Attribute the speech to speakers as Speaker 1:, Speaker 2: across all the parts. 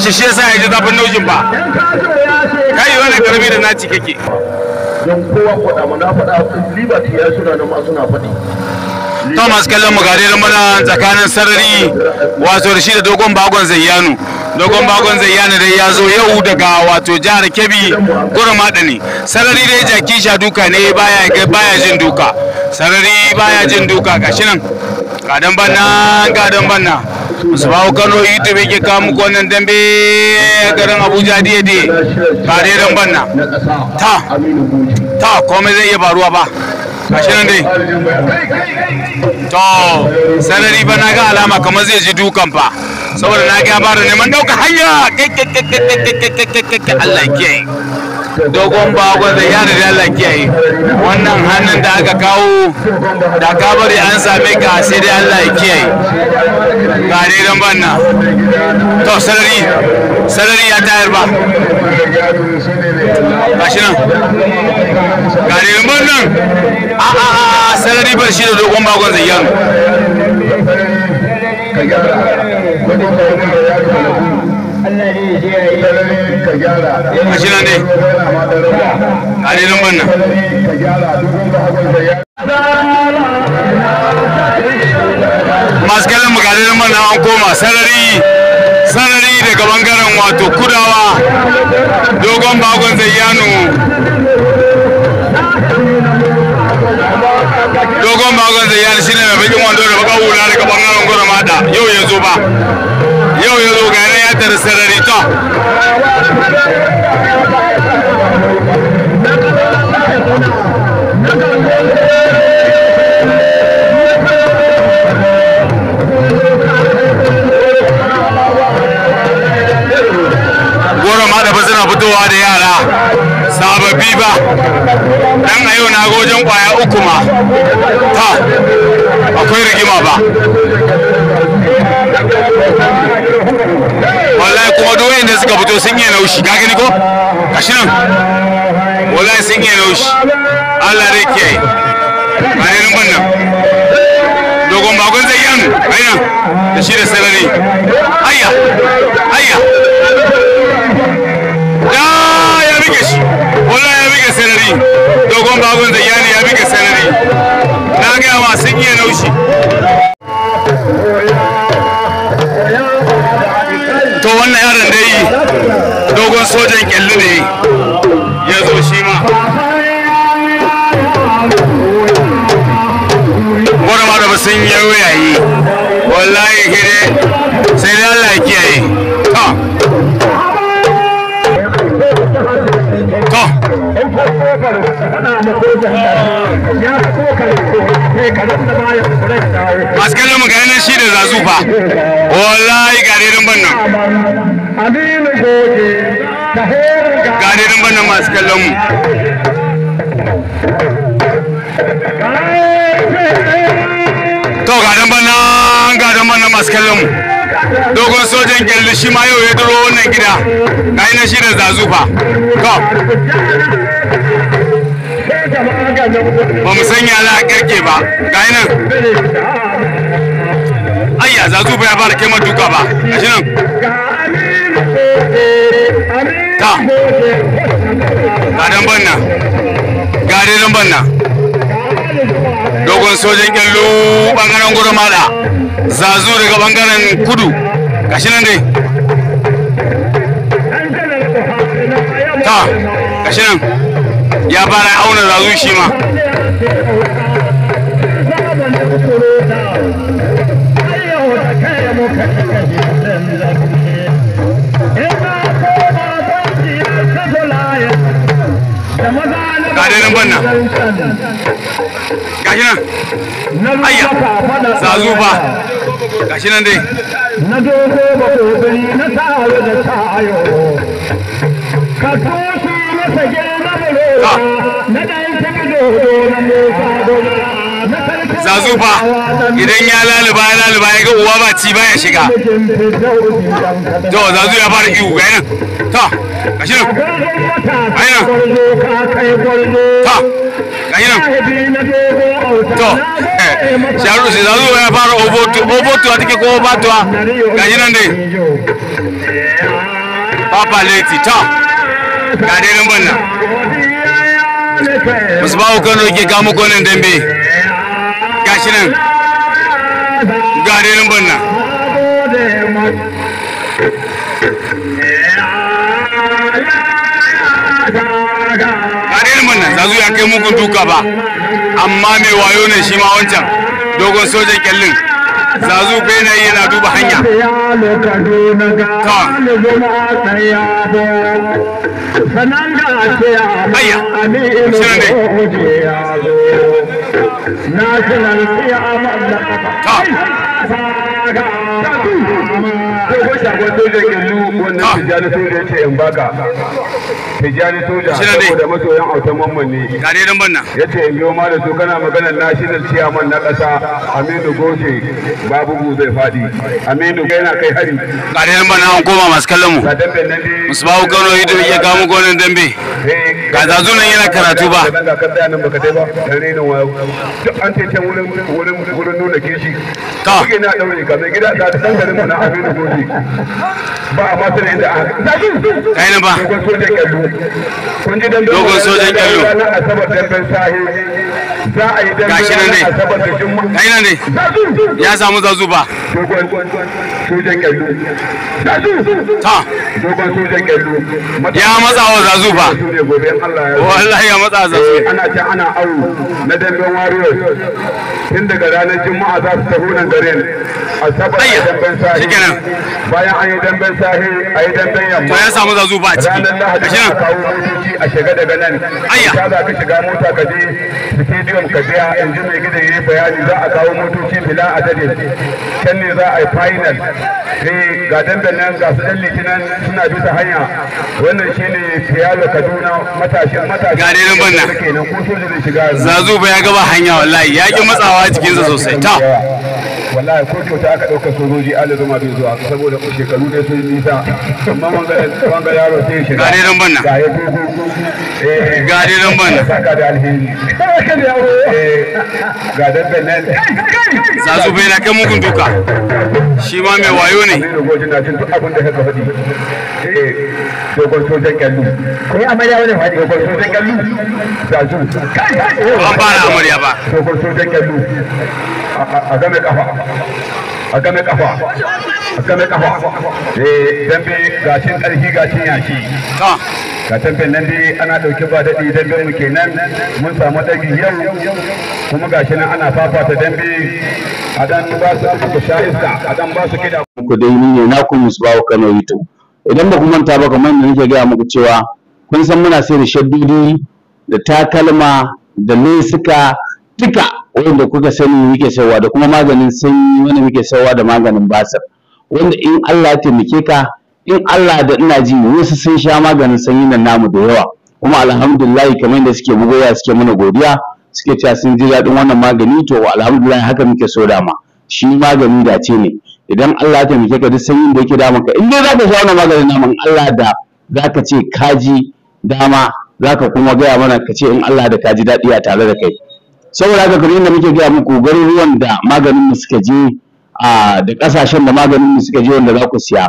Speaker 1: shi shi yasa ya ji zafin naujin ba kai wani karbi da naci kake don kowa faɗa mana
Speaker 2: faɗa liberty ya suna da masu na faɗi Thomas kallon mu gare mana tsakanin sarari wato da shi da dogon bagon zayyanu dogon bagon zayyanu dai ya zo
Speaker 1: yau daga wato jihar Kebbi gurin madani sarari dai jaki sha duka ne baya baya jin duka sarari baya jin duka gashi nan gadan banna gadan banna sabawo Kano yi ta beke kamu wannan dambe garin Abuja daidai ba daidan banna. Ta, ta komai zai iya faruwa ba. a shirin dai. To, sanari ba na ga alama kamar zai ji dukan fa. Saboda na ga bara neman dauka hanya. Allah ke. dogon bago da ya da Allah kiyaye wannan hannun da aka kawo da kabari an same ka sai dai Allah ya kiyaye ga dai dan banna to sarari sarari ya tayar ba gashi nan ga dai dan banna a a a sarari ba shi da dogon bagon zayyan ka Allah ne ya Kuma shi ne. Ali lamban nan. Masu kallon mu gari an koma sarari sarari daga bangaren wato kudawa dogon bagon zayyano dogon bagon zayyano ne mai bakin wando da baka hula daga bangaren gwamnati yau ya zo ba yau ya zo gani. sarari to suka fito sun yi naushi ka gani ko gashi nan wallahi sun yi naushi Allah zai bayan dogon bakon zai yan da shi da sarari ayya ayya to wannan yaron dai dogon sojan kyalli ne ya zo shi ma gwada ma da ba sun yi yayi wallahi kire sai dai Allah ya kiyaye
Speaker 2: to to masu kallon mu gane shi da zazu fa
Speaker 1: wallahi ga daidan bannan
Speaker 2: ga daidan bannan masu kallon mu
Speaker 1: to ga dan bannan ga dan bannan masu kallon mu dogon sojan gyalli shi ma yau ya duro wannan gida ga shi da zazu fa to ba mu sanya za a kirke ba ga yi nan ayya za ba ya fara kema duka ba a shi nan ta gadon dan banna gadon dan banna
Speaker 2: dogon sojan kyallo bangaren gudu mada zazu daga bangaren kudu
Speaker 1: shi nan dai ta shi nan ya fara auna zazu shi ma gadenin banna gashi nan ayya zazu ba gashi nan dai na dogo ba kokari na tare da ayo.
Speaker 2: ka toshe
Speaker 1: zazufa idan ya laluba ya laluba ya ga uwa ba ci ba ya shiga to zazu ya fara iwu ga nan to gashi eh, nan ga nan to gashi nan to sharu sai zazu ya fara obotu obotu a take ko obatuwa gashi nan dai papa leti
Speaker 3: to ga dai nan
Speaker 1: musbahu kano ke kamo konin dambe gashi nan ga renin banna garin banna zazu ya kai mugun duka ba amma mai wayo ne shi ma wancan dogon sojan kyallin zazu bene yana duba hanya haya shirin ne ta shagon sojan gyallu wannan ah. tijjani soja ce in baka
Speaker 2: soja saboda masoyan autan mamman ne gare banna ya ce in biyo da su kana maganar national chairman na ƙasa aminu goshe babu mu zai fadi aminu yana kai hari gare dan banna an koma masu kallon mu musu babu kano ido ya gamu gonan dambe eh, ga zazu nan yana karatu ba an ce can wurin nuna kishi ka na ɗaure ka mai gida ta garin mu na aminu goshe ba ba dogon sojan kyallo
Speaker 1: gashi nan ne kai nan ne ya samu zazu ba
Speaker 2: ta ya matsa wa zazu ba wallahi ya matsa zazu eh, ana ce ana awu na dambe tun daga ranar juma'a za su garin ayya shikenan bayan an yi yamma ya samu zazu ba a ciki shikenan kawo motoci a shiga daga nan ayya ka za ka shiga mota ka je stadium ka biya in ji mai gidan yayi bayani za a kawo motoci bila adadin can ne za a yi final eh ga damben nan ga su dan litinin suna bisa hanya wannan shine fiyalo kaduna matashin matashin ga dai nan banna zazu ba ya gaba hanya wallahi ya ki matsawa jikinsa sosai ta wallahi ko kyauta aka ɗaukar sojoji ala zuma bai zuwa saboda shekaru da sun nisa amma wanga yaro sai ya shiga gare ran banna ga eh. ya dogo ran banna saka da alheri eh. ga dabban nan zazu bai na kan mugun duka shi ma mai wayo ne eh. dogon sojan kallu ko yi amarya wani faɗi dogon sojan kyallu zazu an fara amarya ba dogon sojan kallu a game kafa a game kafa a game kafa eh dambe gashin karfi gashin yashi ah. ga tamfen nan dai ana dauke ba daɗi dambe mu kenan mun samu ɗagi yau kuma gashi nan ana fafata dambe a dan ba su ku sha iska
Speaker 3: a dan ba su kida ku dai ni ne naku Musbahu Kano YouTube idan ba kuma manta ba kamar da nake gaya muku cewa kun san muna sai da shaddidi da takalma da lesuka duka wanda kuka sani muke sayarwa da kuma maganin sanyi wanda muke sayarwa da maganin basir wanda in Allah ya taimake ka in Allah da ina ji wasu sun sha maganin sanyi nan namu da yawa kuma alhamdulillah kamar yadda suke goya suke mana godiya suke cewa sun ji daɗin wannan magani to alhamdulillah haka muke so dama shi magani da ce ne idan Allah ya taimake ka duk sanyin da yake da ka in dai zaka sha wannan maganin namun Allah da zaka ce kaji dama zaka kuma gaya mana ka ce in Allah da kaji daɗi a tare da kai saboda haka kamar yadda muke gaya muku garuruwan da maganin mu suka je da kasashen da maganin mu suka je wanda za ku siya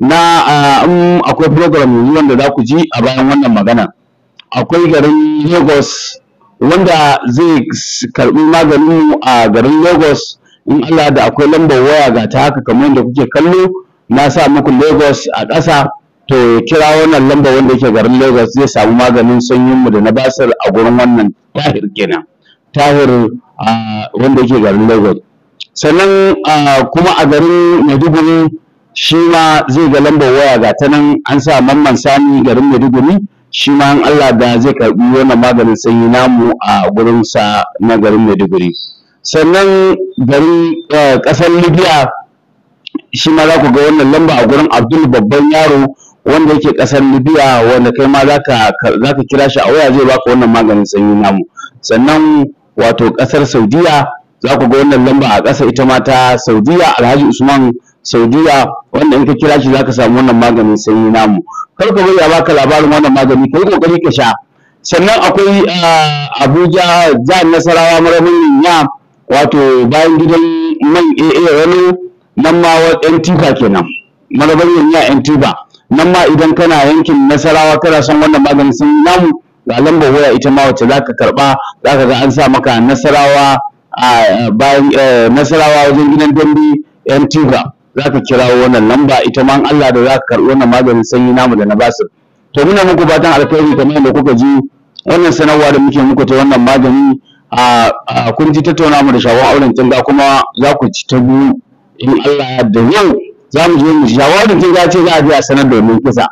Speaker 3: na in akwai program yanzu wanda za ku ji a bayan wannan magana akwai garin Lagos wanda zai karbi maganin mu a garin Lagos in Allah da akwai lambar waya ga ta haka kamar yadda kuke kallo na sa muku Lagos a ƙasa to kira wannan lambar wanda yake garin Lagos zai samu maganin sanyin mu da na basir a gurin wannan tahir kenan tahir wanda yake garin lagos sannan kuma a garin maiduguri shi ma zai ga lambar waya ga ta nan an sa mamman sani garin maiduguri shi ma in allah da zai karɓi wannan maganin sanyi namu a sa na garin maiduguri sannan garin kasar libya shi ma za ku ga wannan lamba a gurin abdul babban yaro wanda yake kasar libya wanda kai ma za ka kira shi a waya zai baka wannan maganin sanyi namu sannan wato ƙasar saudiya za ku ga wannan lamba a ƙasa ita ma ta saudiya alhaji usman saudiya wanda in ka kira shi za ka samu wannan maganin sanyi namu kar ka bari a baka labarin wannan magani kai kokari ka sha sannan akwai abuja jihar nasarawa maramin ya wato bayan gidan man aa wani nan ma yan tifa kenan maramin ya yan tifa nan ma idan kana yankin nasarawa kana son wannan maganin sanyi namu ga lambar waya ita ma wacce zaka karba zaka ga an sa maka nasarawa a bayan eh, nasarawa wajen gidan dambe yan tiga zaka kirawo wannan lamba ita ma Allah da zaka karbi wannan maganin sanyi namu da na basir to muna muku fatan alkhairi kamar yadda kuka ji wannan sanarwa da muke muku ta wannan magani a kun ji tattauna mu da shawar auren tunga kuma za ku ci ta biyu in Allah da yau za mu je mu shawarar tunga ce za a je a sanar da kusa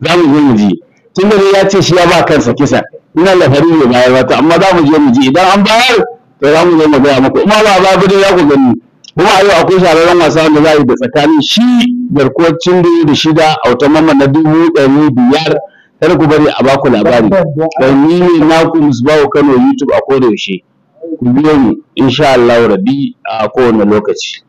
Speaker 3: za mu je mu ji tun da ya ce shi ya ba kansa kisa ina lafari ne bayar wata, amma za mu je mu ji idan an bayar to za mu je mu gaya muku kuma ba ba gudu za ku gani kuma a yau akwai shahararren wasa wanda za a yi da tsakanin shi garkuwar cindu da shida a wata mamma na dubu ɗari biyar kar ku bari a baku labari don ni ne naku musbahu kano youtube a koda yaushe ku biyo mu insha Allah rabi a kowane lokaci